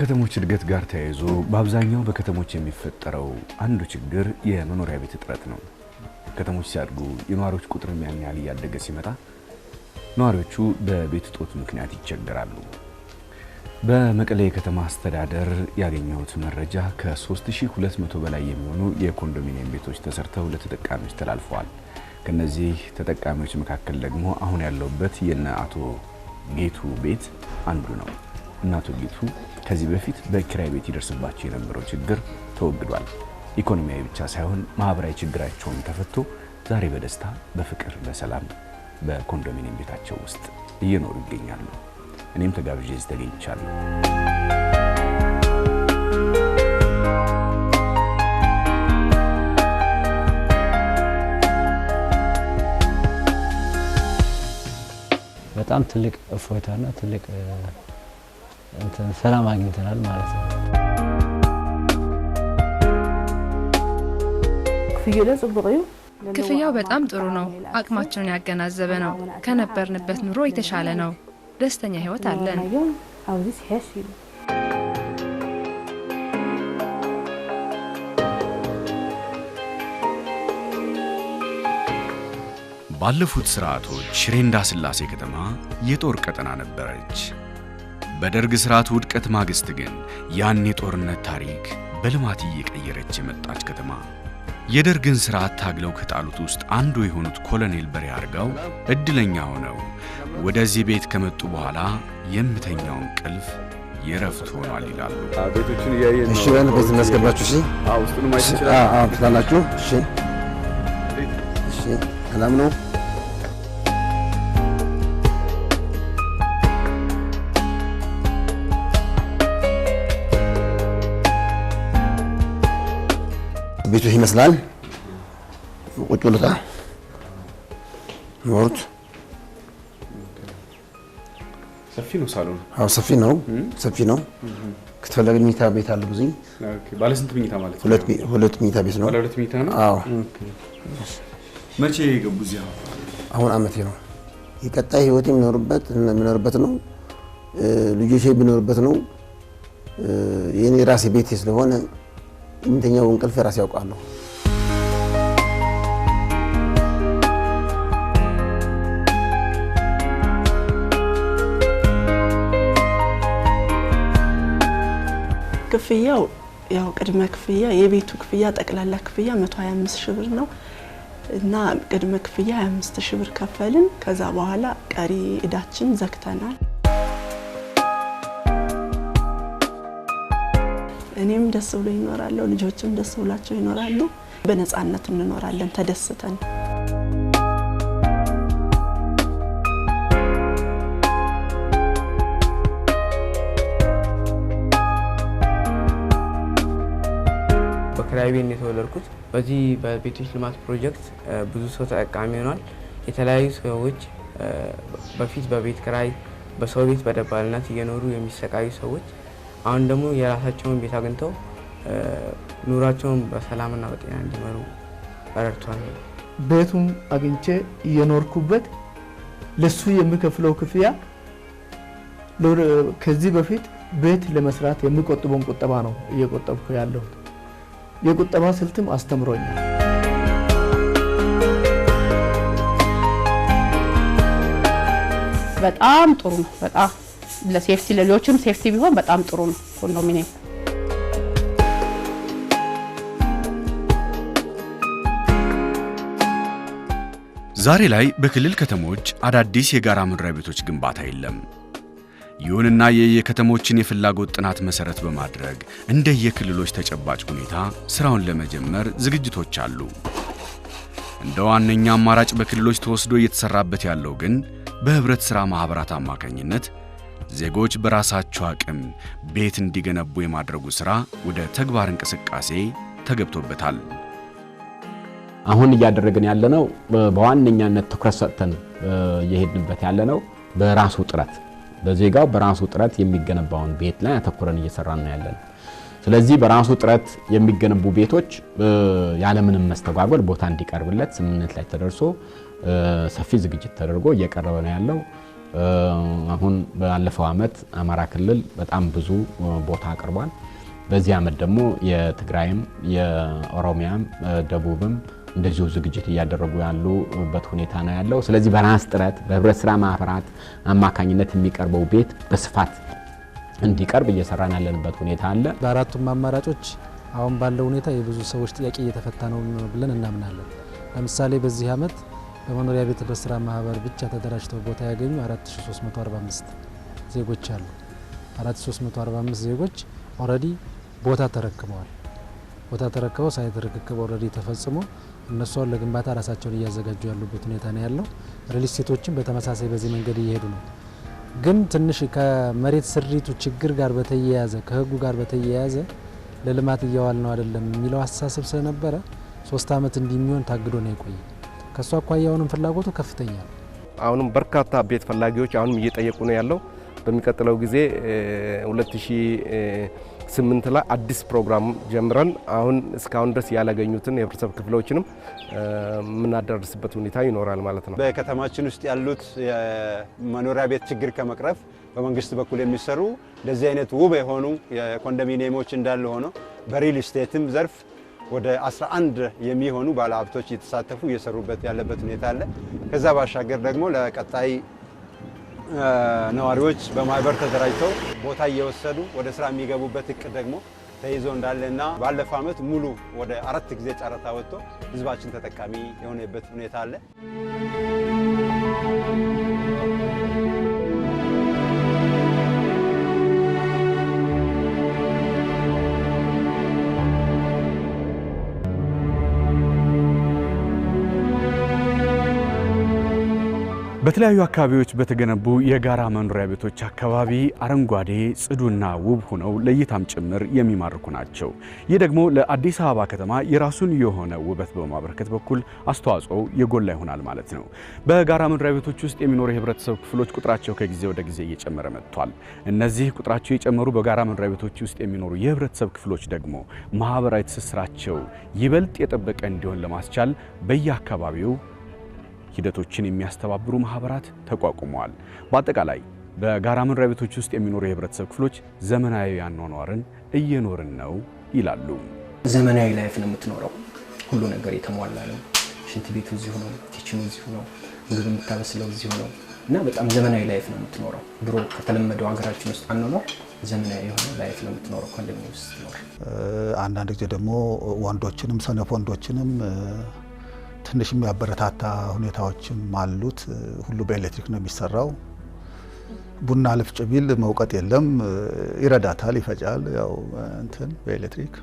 ከተሞች እድገት ጋር ተያይዞ በአብዛኛው በከተሞች የሚፈጠረው አንዱ ችግር የመኖሪያ ቤት እጥረት ነው። ከተሞች ሲያድጉ የነዋሪዎች ቁጥር ያን ያህል እያደገ ሲመጣ ነዋሪዎቹ በቤት እጦት ምክንያት ይቸገራሉ። በመቀሌ የከተማ አስተዳደር ያገኘሁት መረጃ ከ3200 በላይ የሚሆኑ የኮንዶሚኒየም ቤቶች ተሰርተው ለተጠቃሚዎች ተላልፈዋል። ከነዚህ ተጠቃሚዎች መካከል ደግሞ አሁን ያለውበት የነ አቶ ጌቱ ቤት አንዱ ነው። እና አቶ ጌቱ ከዚህ በፊት በኪራይ ቤት ይደርስባቸው የነበረው ችግር ተወግዷል። ኢኮኖሚያዊ ብቻ ሳይሆን ማህበራዊ ችግራቸውን ተፈቶ ዛሬ በደስታ በፍቅር በሰላም በኮንዶሚኒየም ቤታቸው ውስጥ እየኖሩ ይገኛሉ። እኔም ተጋብዤ እዚህ ተገኝቻለሁ። በጣም ትልቅ እፎይታና ትልቅ ሰላም አግኝተናል ማለት ነው። ክፍያው በጣም ጥሩ ነው። አቅማችንን ያገናዘበ ነው። ከነበርንበት ኑሮ የተሻለ ነው። ደስተኛ ህይወት አለን። ባለፉት ስርዓቶች ሽሬ ስላሴ ከተማ የጦር ቀጠና ነበረች። በደርግ ስርዓት ውድቀት ማግስት ግን ያን የጦርነት ታሪክ በልማት እየቀየረች የመጣች ከተማ። የደርግን ስርዓት ታግለው ከጣሉት ውስጥ አንዱ የሆኑት ኮሎኔል በሬ አርጋው እድለኛ ሆነው ወደዚህ ቤት ከመጡ በኋላ የምተኛውን ቅልፍ የረፍት ሆኗል ይላሉ። እሺ በል በዚህ እናስገባችሁ። እሺ ትላላችሁ። እሺ ሰላም ነው። ይመስላል። ቁጭ ብለታ ወሩት ሰፊ ነው። ሳሎን አዎ፣ ሰፊ ነው። ሰፊ ነው። ከተፈለገ መኝታ ቤት አለ። ብዙ ባለ ስንት መኝታ ማለት ነው? ሁለት መኝታ ቤት ነው። ሁለት መኝታ ነው። አዎ። መቼ የገቡ እዚህ? አሁን አመቴ ነው። የቀጣይ ህይወት የምኖርበት የምኖርበት ነው። ልጆቼ የሚኖርበት ነው። የኔ ራሴ ቤቴ ስለሆነ የምተኛው እንቅልፍ ራሴ ያውቃለሁ። ክፍያው ያው ቅድመ ክፍያ የቤቱ ክፍያ ጠቅላላ ክፍያ 125 ሺህ ብር ነው እና ቅድመ ክፍያ 25 ሺህ ብር ከፈልን። ከዛ በኋላ ቀሪ እዳችን ዘግተናል። እኔም ደስ ብሎ ይኖራለሁ፣ ልጆችም ደስ ብላቸው ይኖራሉ። በነፃነት እንኖራለን ተደስተን በክራይ ነው የተወለድኩት። በዚህ በቤቶች ልማት ፕሮጀክት ብዙ ሰው ተጠቃሚ ሆኗል። የተለያዩ ሰዎች በፊት በቤት ክራይ በሰው ቤት በደባልነት እየኖሩ የሚሰቃዩ ሰዎች አሁን ደግሞ የራሳቸውን ቤት አግኝተው ኑሯቸውን በሰላምና በጤና እንዲመሩ ረድቷል። ቤቱም አግኝቼ እየኖርኩበት ለሱ የሚከፍለው ክፍያ ከዚህ በፊት ቤት ለመስራት የሚቆጥበውን ቁጠባ ነው እየቆጠብኩ ያለሁት። የቁጠባ ስልትም አስተምሮኛል። በጣም ጥሩ ነው። በጣም ለሴፍቲ ለሌሎችም ሴፍቲ ቢሆን በጣም ጥሩ ነው ኮንዶሚኒየም ዛሬ ላይ በክልል ከተሞች አዳዲስ የጋራ መኖሪያ ቤቶች ግንባታ የለም። ይሁንና የየከተሞችን የፍላጎት ጥናት መሰረት በማድረግ እንደ የክልሎች ተጨባጭ ሁኔታ ስራውን ለመጀመር ዝግጅቶች አሉ። እንደ ዋነኛ አማራጭ በክልሎች ተወስዶ እየተሰራበት ያለው ግን በህብረት ሥራ ማኅበራት አማካኝነት ዜጎች በራሳቸው አቅም ቤት እንዲገነቡ የማድረጉ ሥራ ወደ ተግባር እንቅስቃሴ ተገብቶበታል። አሁን እያደረግን ያለነው በዋነኛነት ትኩረት ሰጥተን እየሄድንበት ያለነው በራሱ ጥረት በዜጋው በራሱ ጥረት የሚገነባውን ቤት ላይ አተኩረን እየሰራን ነው ያለን። ስለዚህ በራሱ ጥረት የሚገነቡ ቤቶች ያለምንም መስተጓጎል ቦታ እንዲቀርብለት ስምምነት ላይ ተደርሶ ሰፊ ዝግጅት ተደርጎ እየቀረበ ነው ያለው። አሁን ባለፈው ዓመት አማራ ክልል በጣም ብዙ ቦታ አቅርቧል። በዚህ ዓመት ደግሞ የትግራይም የኦሮሚያም ደቡብም እንደዚሁ ዝግጅት እያደረጉ ያሉበት ሁኔታ ነው ያለው። ስለዚህ በራስ ጥረት በህብረት ስራ ማህበራት አማካኝነት የሚቀርበው ቤት በስፋት እንዲቀርብ እየሰራን ያለንበት ሁኔታ አለ። በአራቱም አማራጮች አሁን ባለው ሁኔታ የብዙ ሰዎች ጥያቄ እየተፈታ ነው ብለን እናምናለን። ለምሳሌ በዚህ ዓመት በመኖሪያ ቤት ህብረት ስራ ማህበር ብቻ ተደራጅተው ቦታ ያገኙ 4345 ዜጎች አሉ። 4345 ዜጎች ኦልሬዲ ቦታ ተረክበዋል። ቦታ ተረክበው ሳይት ርክክብ ኦልሬዲ ተፈጽሞ እነሱ አሁን ለግንባታ ራሳቸውን እያዘጋጁ ያሉበት ሁኔታ ነው ያለው። ሪል በተመሳሳይ በዚህ መንገድ እየሄዱ ነው። ግን ትንሽ ከመሬት ስሪቱ ችግር ጋር በተያያዘ ከህጉ ጋር በተያያዘ ለልማት እያዋል ነው አይደለም የሚለው አስተሳሰብ ስለነበረ ሶስት ዓመት እንዲሚሆን ታግዶ ነው የቆየ። ከእሱ አኳያ አሁንም ፍላጎቱ ከፍተኛ ነው። አሁንም በርካታ ቤት ፈላጊዎች አሁንም እየጠየቁ ነው ያለው። በሚቀጥለው ጊዜ 2000 ስምንት ላይ አዲስ ፕሮግራም ጀምረን አሁን እስካሁን ድረስ ያላገኙትን የህብረተሰብ ክፍሎችንም የምናደርስበት ሁኔታ ይኖራል ማለት ነው። በከተማችን ውስጥ ያሉት የመኖሪያ ቤት ችግር ከመቅረፍ በመንግስት በኩል የሚሰሩ እንደዚህ አይነት ውብ የሆኑ የኮንዶሚኒየሞች እንዳለ ሆነው በሪል ስቴትም ዘርፍ ወደ 11 የሚሆኑ ባለሀብቶች እየተሳተፉ እየሰሩበት ያለበት ሁኔታ አለ። ከዛ ባሻገር ደግሞ ለቀጣይ ነዋሪዎች በማህበር ተደራጅተው ቦታ እየወሰዱ ወደ ስራ የሚገቡበት እቅድ ደግሞ ተይዞ እንዳለ እና ባለፈው አመት ሙሉ ወደ አራት ጊዜ ጨረታ ወጥቶ ህዝባችን ተጠቃሚ የሆነበት ሁኔታ አለ። በተለያዩ አካባቢዎች በተገነቡ የጋራ መኖሪያ ቤቶች አካባቢ አረንጓዴ ጽዱና ውብ ሆነው ለእይታም ጭምር የሚማርኩ ናቸው። ይህ ደግሞ ለአዲስ አበባ ከተማ የራሱን የሆነ ውበት በማበረከት በኩል አስተዋጽኦ የጎላ ይሆናል ማለት ነው። በጋራ መኖሪያ ቤቶች ውስጥ የሚኖሩ የህብረተሰብ ክፍሎች ቁጥራቸው ከጊዜ ወደ ጊዜ እየጨመረ መጥቷል። እነዚህ ቁጥራቸው የጨመሩ በጋራ መኖሪያ ቤቶች ውስጥ የሚኖሩ የህብረተሰብ ክፍሎች ደግሞ ማህበራዊ ትስስራቸው ይበልጥ የጠበቀ እንዲሆን ለማስቻል በየአካባቢው ሂደቶችን የሚያስተባብሩ ማህበራት ተቋቁመዋል። በአጠቃላይ በጋራ መኖሪያ ቤቶች ውስጥ የሚኖሩ የህብረተሰብ ክፍሎች ዘመናዊ አኗኗርን እየኖርን ነው ይላሉ። ዘመናዊ ላይፍ ነው የምትኖረው። ሁሉ ነገር የተሟላ ነው። ሽንት ቤቱ እዚሁ ነው፣ ኪችኑ እዚሁ ነው፣ ምግብ የምታበስለው እዚሁ ነው እና በጣም ዘመናዊ ላይፍ ነው የምትኖረው። ድሮ ከተለመደው ሀገራችን ውስጥ አኗኗር ዘመናዊ የሆነ ላይፍ ነው የምትኖረው። ኮንዶሚኒየም ውስጥ ኖር አንዳንድ ጊዜ ደግሞ ወንዶችንም ሰነፍ ወንዶችንም ትንሽ የሚያበረታታ ሁኔታዎችም አሉት። ሁሉ በኤሌክትሪክ ነው የሚሰራው። ቡና ልፍጭ ቢል መውቀጥ የለም ይረዳታል፣ ይፈጫል። ያው እንትን በኤሌክትሪክ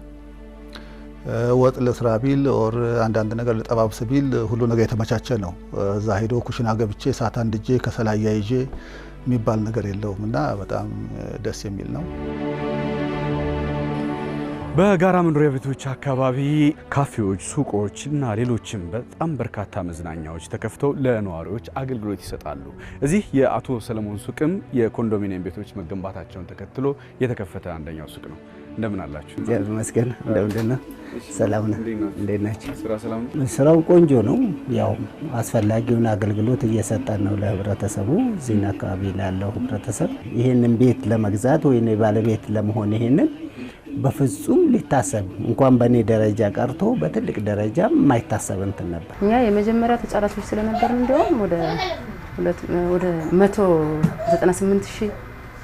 ወጥ ለስራ ቢል ኦር አንዳንድ ነገር ለጠባብስ ቢል ሁሉ ነገር የተመቻቸ ነው። እዛ ሄዶ ኩሽና ገብቼ እሳት አንድጄ ከሰላያ ይዤ የሚባል ነገር የለውም እና በጣም ደስ የሚል ነው። በጋራ መኖሪያ ቤቶች አካባቢ ካፌዎች፣ ሱቆች እና ሌሎችም በጣም በርካታ መዝናኛዎች ተከፍተው ለነዋሪዎች አገልግሎት ይሰጣሉ። እዚህ የአቶ ሰለሞን ሱቅም የኮንዶሚኒየም ቤቶች መገንባታቸውን ተከትሎ የተከፈተ አንደኛው ሱቅ ነው። እንደምን አላችሁ? እግዚአብሔር ይመስገን። እንደምንድን ነው? ሰላም ነው? እንዴት ናቸው? ስራው ቆንጆ ነው። ያው አስፈላጊውን አገልግሎት እየሰጠን ነው ለህብረተሰቡ። እዚህን አካባቢ ላለው ህብረተሰብ ይህንን ቤት ለመግዛት ወይ የባለቤት ለመሆን ይህንን በፍጹም ሊታሰብ እንኳን በእኔ ደረጃ ቀርቶ በትልቅ ደረጃ የማይታሰብ እንትን ነበር። እኛ የመጀመሪያ ተጫራቾች ስለነበር እንዲሁም ወደ 198 ሺህ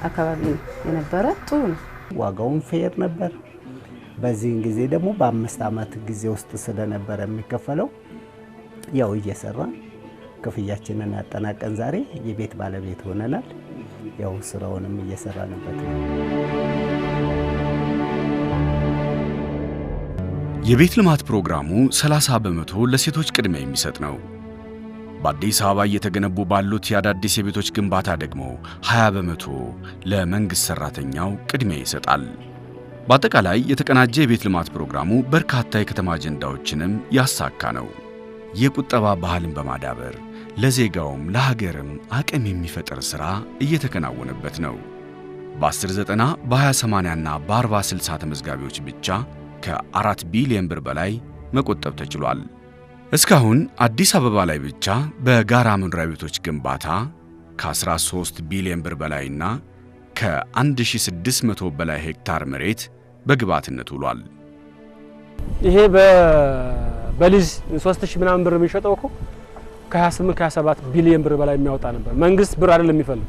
አካባቢ የነበረ። ጥሩ ነው፣ ዋጋውን ፌር ነበር። በዚህን ጊዜ ደግሞ በአምስት ዓመት ጊዜ ውስጥ ስለነበረ የሚከፈለው ያው እየሰራ ክፍያችንን አጠናቀን ዛሬ የቤት ባለቤት ሆነናል። ያው ስራውንም እየሰራንበት ነው። የቤት ልማት ፕሮግራሙ 30 በመቶ ለሴቶች ቅድሚያ የሚሰጥ ነው። በአዲስ አበባ እየተገነቡ ባሉት የአዳዲስ የቤቶች ግንባታ ደግሞ 20 በመቶ ለመንግሥት ሠራተኛው ቅድሚያ ይሰጣል። በአጠቃላይ የተቀናጀ የቤት ልማት ፕሮግራሙ በርካታ የከተማ አጀንዳዎችንም ያሳካ ነው። የቁጠባ ባህልን በማዳበር ለዜጋውም ለሀገርም አቅም የሚፈጥር ሥራ እየተከናወነበት ነው። በ1090 በ2080ና በ4060 ተመዝጋቢዎች ብቻ ከአራት ቢሊዮን ብር በላይ መቆጠብ ተችሏል። እስካሁን አዲስ አበባ ላይ ብቻ በጋራ መኖሪያ ቤቶች ግንባታ ከ13 ቢሊዮን ብር በላይና ከ1600 በላይ ሄክታር መሬት በግብዓትነት ውሏል። ይሄ በሊዝ 3000 ምናምን ብር የሚሸጠው እኮ ከ28 ከ27 ቢሊዮን ብር በላይ የሚያወጣ ነበር። መንግስት ብር አይደለም የሚፈልግ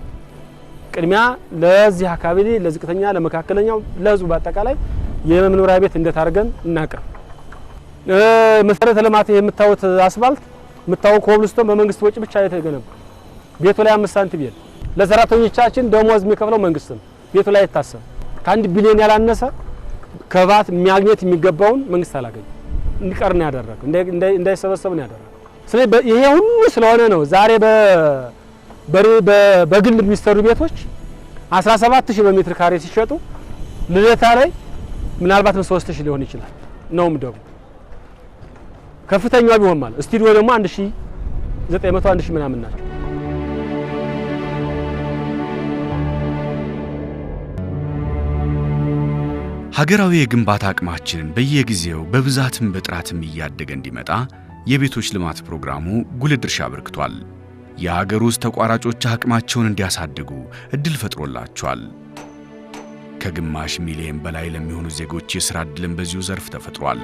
ቅድሚያ ለዚህ አካባቢ ለዝቅተኛ፣ ለመካከለኛው፣ ለህዝቡ በአጠቃላይ የመኖሪያ ቤት እንዴት አድርገን እናቅርብ። መሰረተ ልማት የምታዩት አስፋልት የምታዩት ኮብልስቶን በመንግስት ወጪ ብቻ የተገነባ ቤቱ ላይ አምስት ሳንቲም የለም። ለሰራተኞቻችን ደሞዝ የሚከፍለው መንግስት ነው። ቤቱ ላይ አይታሰብ። ከአንድ ቢሊዮን ያላነሰ ከባት ማግኘት የሚገባውን መንግስት አላገኘ እንዲቀር ነው ያደረገ፣ እንዳይሰበሰብ ነው ያደረገ። ስለዚህ ይሄ ሁሉ ስለሆነ ነው ዛሬ በግል የሚሰሩ ቤቶች 17000 በሜትር ካሬ ሲሸጡ ልደታ ላይ ምናልባት በሶስት ሺህ ሊሆን ይችላል ነውም ደግሞ ከፍተኛው ቢሆን ማለት ስቱዲዮ ደግሞ አንድ ሺህ ዘጠኝ መቶ አንድ ሺህ ምናምን ናቸው። ሀገራዊ የግንባታ አቅማችን በየጊዜው በብዛትም በጥራትም እያደገ እንዲመጣ የቤቶች ልማት ፕሮግራሙ ጉልህ ድርሻ አበርክቷል። የሀገር ውስጥ ተቋራጮች አቅማቸውን እንዲያሳድጉ እድል ፈጥሮላቸዋል። ከግማሽ ሚሊዮን በላይ ለሚሆኑ ዜጎች የሥራ ዕድልን በዚሁ ዘርፍ ተፈጥሯል።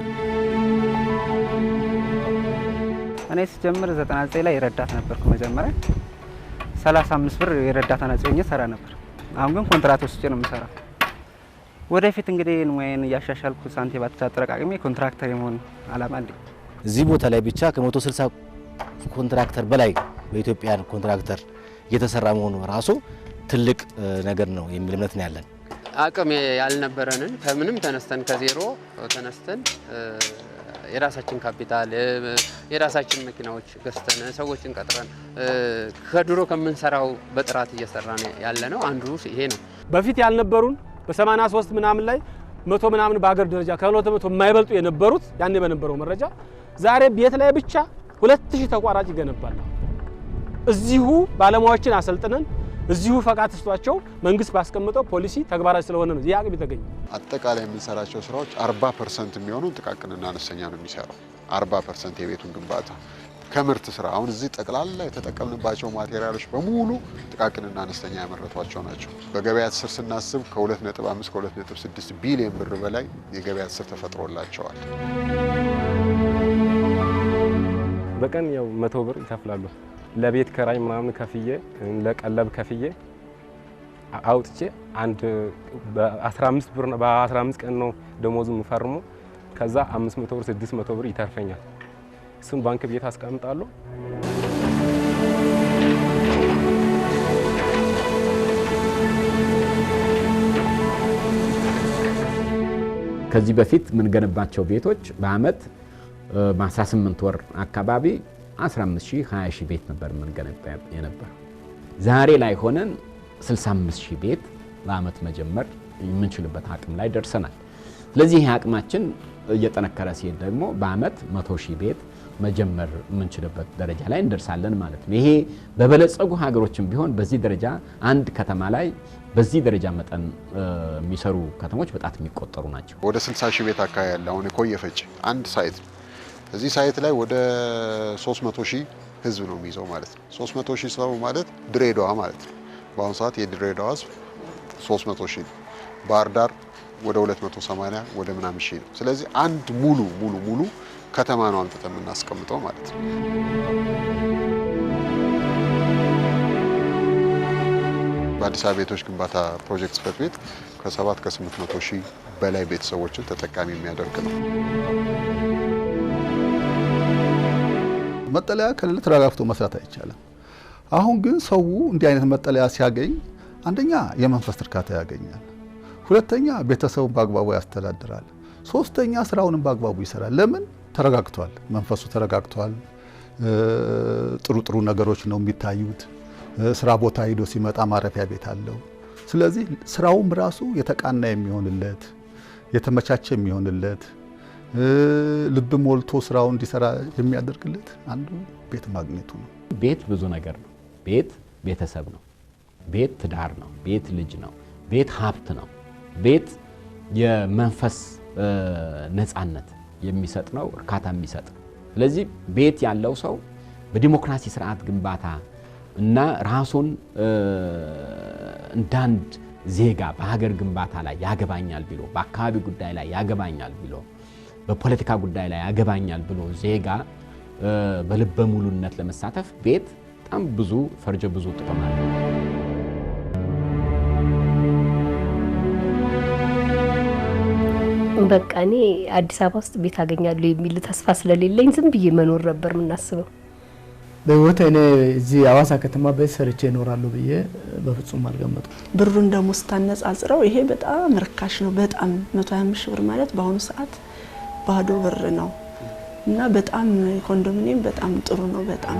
እኔ ስጀምር 99 ላይ የረዳት ነበርኩ። መጀመሪያ 35 ብር የረዳት አናጺ ሰራ ነበር። አሁን ግን ኮንትራት ወስጄ ነው የምሰራው። ወደፊት እንግዲህ ሙያዬን እያሻሻልኩ ሳንቲም አጠራቅሜ ኮንትራክተር የመሆን አላማ አለኝ። እዚህ ቦታ ላይ ብቻ ከ160 ኮንትራክተር በላይ በኢትዮጵያን ኮንትራክተር እየተሰራ መሆኑ ራሱ ትልቅ ነገር ነው የሚል እምነት ነው ያለን። አቅም ያልነበረንን ከምንም ተነስተን ከዜሮ ተነስተን የራሳችን ካፒታል የራሳችን መኪናዎች ገዝተን ሰዎችን ቀጥረን ከድሮ ከምንሰራው በጥራት እየሰራን ያለ ነው። አንዱ ይሄ ነው። በፊት ያልነበሩን በ83 ምናምን ላይ መቶ ምናምን በሀገር ደረጃ ከሁለት መቶ የማይበልጡ የነበሩት ያኔ በነበረው መረጃ ዛሬ ቤት ላይ ብቻ ሁለት ሺህ ተቋራጭ ይገነባል። እዚሁ ባለሙያዎችን አሰልጥነን እዚሁ ፈቃድ ተሰጥቷቸው መንግስት ባስቀምጠው ፖሊሲ ተግባራዊ ስለሆነ ነው ይህ አቅም የተገኘ። አጠቃላይ የምንሰራቸው ስራዎች 40 ፐርሰንት የሚሆኑ ጥቃቅንና አነስተኛ ነው የሚሰራው። 40 ፐርሰንት የቤቱን ግንባታ ከምርት ስራ አሁን እዚህ ጠቅላላ የተጠቀምንባቸው ማቴሪያሎች በሙሉ ጥቃቅንና አነስተኛ ያመረቷቸው ናቸው። በገበያ ትስር ስናስብ ከ2.5 ከ2.6 ቢሊዮን ብር በላይ የገበያ ትስር ተፈጥሮላቸዋል። በቀን ያው መቶ ብር ይከፍላሉ። ለቤት ከራይ ምናምን ከፍዬ ለቀለብ ከፍዬ አውጥቼ አንድ በ15 ብር በ15 ቀን ነው ደሞዙ የምፈርሙ። ከዛ 500 ብር 600 ብር ይተርፈኛል። እሱን ባንክ ቤት አስቀምጣለሁ። ከዚህ በፊት የምንገነባቸው ቤቶች በአመት በ18 ወር አካባቢ 15 ሺህ 20 ቤት ነበር የምንገነባ የነበረው። ዛሬ ላይ ሆነን 65000 ቤት በአመት መጀመር የምንችልበት አቅም ላይ ደርሰናል። ስለዚህ ይህ አቅማችን እየጠነከረ ሲሄድ ደግሞ በአመት 100000 ቤት መጀመር የምንችልበት ደረጃ ላይ እንደርሳለን ማለት ነው። ይሄ በበለጸጉ ሀገሮችም ቢሆን በዚህ ደረጃ አንድ ከተማ ላይ በዚህ ደረጃ መጠን የሚሰሩ ከተሞች በጣት የሚቆጠሩ ናቸው። ወደ 60 ሺህ ቤት አካባቢ ያለ አሁን አንድ ሳይት ነው። እዚህ ሳይት ላይ ወደ 300 ሺህ ህዝብ ነው የሚይዘው ማለት ነው። 300 ሺህ ሰው ማለት ድሬዳዋ ማለት ነው። በአሁኑ ሰዓት የድሬዳዋ ህዝብ 300 ሺህ ነው። ባህር ዳር ወደ 280 ወደ ምናምን ሺህ ነው። ስለዚህ አንድ ሙሉ ሙሉ ሙሉ ከተማ ነው አምጥተን የምናስቀምጠው ማለት ነው። በአዲስ አበባ ቤቶች ግንባታ ፕሮጀክት ጽሕፈት ቤት ከሰባት ከስምንት መቶ ሺህ በላይ ቤተሰቦችን ተጠቃሚ የሚያደርግ ነው። መጠለያ ከሌለ ተረጋግቶ መስራት አይቻልም። አሁን ግን ሰው እንዲህ አይነት መጠለያ ሲያገኝ አንደኛ የመንፈስ እርካታ ያገኛል፣ ሁለተኛ ቤተሰቡን በአግባቡ ያስተዳድራል፣ ሶስተኛ ስራውንም በአግባቡ ይሰራል። ለምን ተረጋግቷል፣ መንፈሱ ተረጋግቷል። ጥሩ ጥሩ ነገሮች ነው የሚታዩት። ስራ ቦታ ሂዶ ሲመጣ ማረፊያ ቤት አለው። ስለዚህ ስራውም ራሱ የተቃና የሚሆንለት የተመቻቸ የሚሆንለት ልብ ሞልቶ ስራውን እንዲሰራ የሚያደርግለት አንዱ ቤት ማግኘቱ ነው። ቤት ብዙ ነገር ነው። ቤት ቤተሰብ ነው። ቤት ትዳር ነው። ቤት ልጅ ነው። ቤት ሀብት ነው። ቤት የመንፈስ ነፃነት የሚሰጥ ነው፣ እርካታ የሚሰጥ ነው። ስለዚህ ቤት ያለው ሰው በዲሞክራሲ ስርዓት ግንባታ እና ራሱን እንዳንድ ዜጋ በሀገር ግንባታ ላይ ያገባኛል ቢሎ፣ በአካባቢ ጉዳይ ላይ ያገባኛል ቢሎ በፖለቲካ ጉዳይ ላይ ያገባኛል ብሎ ዜጋ በልበ ሙሉነት ለመሳተፍ ቤት በጣም ብዙ ፈርጀ ብዙ ጥቅም አለ። በቃ እኔ አዲስ አበባ ውስጥ ቤት አገኛሉ የሚል ተስፋ ስለሌለኝ ዝም ብዬ መኖር ነበር የምናስበው። በህይወት እኔ እዚህ አዋሳ ከተማ ቤት ሰርቼ እኖራለሁ ብዬ በፍጹም አልገመጥኩም። ብሩን ደግሞ ስታነጻጽረው ይሄ በጣም ርካሽ ነው። በጣም 125 ሺህ ብር ማለት በአሁኑ ሰዓት ባዶ ብር ነው እና በጣም ኮንዶሚኒየም በጣም ጥሩ ነው። በጣም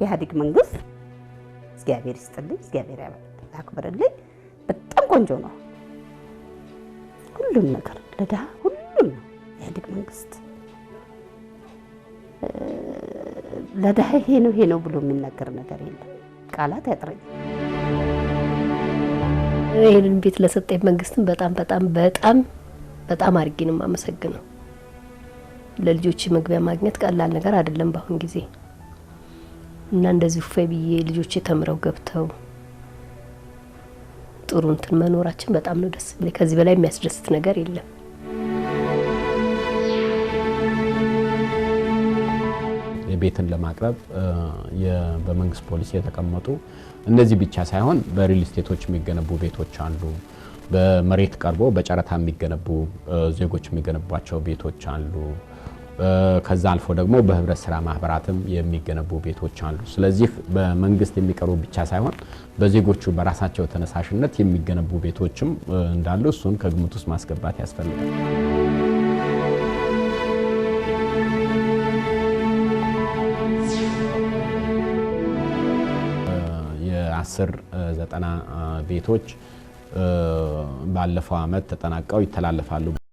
የኢህአዴግ መንግስት እግዚአብሔር ይስጥልኝ፣ እግዚአብሔር ያክብርልኝ። በጣም ቆንጆ ነው ሁሉም ነገር ለድሀ ሁሉም ነው ኢህአዴግ መንግስት ለድሀ ይሄ ነው ይሄ ነው ብሎ የሚናገር ነገር የለም። ቃላት ያጥረኛል። ይህንን ቤት ለሰጠኝ መንግስትም በጣም በጣም በጣም በጣም አድርጌ ነው የማመሰግነው። ለልጆች መግቢያ ማግኘት ቀላል ነገር አይደለም በአሁን ጊዜ እና እንደዚህ ፋይ ብዬ ልጆች ተምረው ገብተው ጥሩ እንትን መኖራችን በጣም ነው ደስ ብለኝ። ከዚህ በላይ የሚያስደስት ነገር የለም። ቤትን ለማቅረብ በመንግስት ፖሊሲ የተቀመጡ እነዚህ ብቻ ሳይሆን በሪል ስቴቶች የሚገነቡ ቤቶች አሉ። በመሬት ቀርቦ በጨረታ የሚገነቡ ዜጎች የሚገነቧቸው ቤቶች አሉ። ከዛ አልፎ ደግሞ በህብረት ስራ ማህበራትም የሚገነቡ ቤቶች አሉ። ስለዚህ በመንግስት የሚቀርቡ ብቻ ሳይሆን በዜጎቹ በራሳቸው ተነሳሽነት የሚገነቡ ቤቶችም እንዳሉ እሱን ከግምት ውስጥ ማስገባት ያስፈልጋል። አስር ዘጠና ቤቶች ባለፈው ዓመት ተጠናቀው ይተላለፋሉ።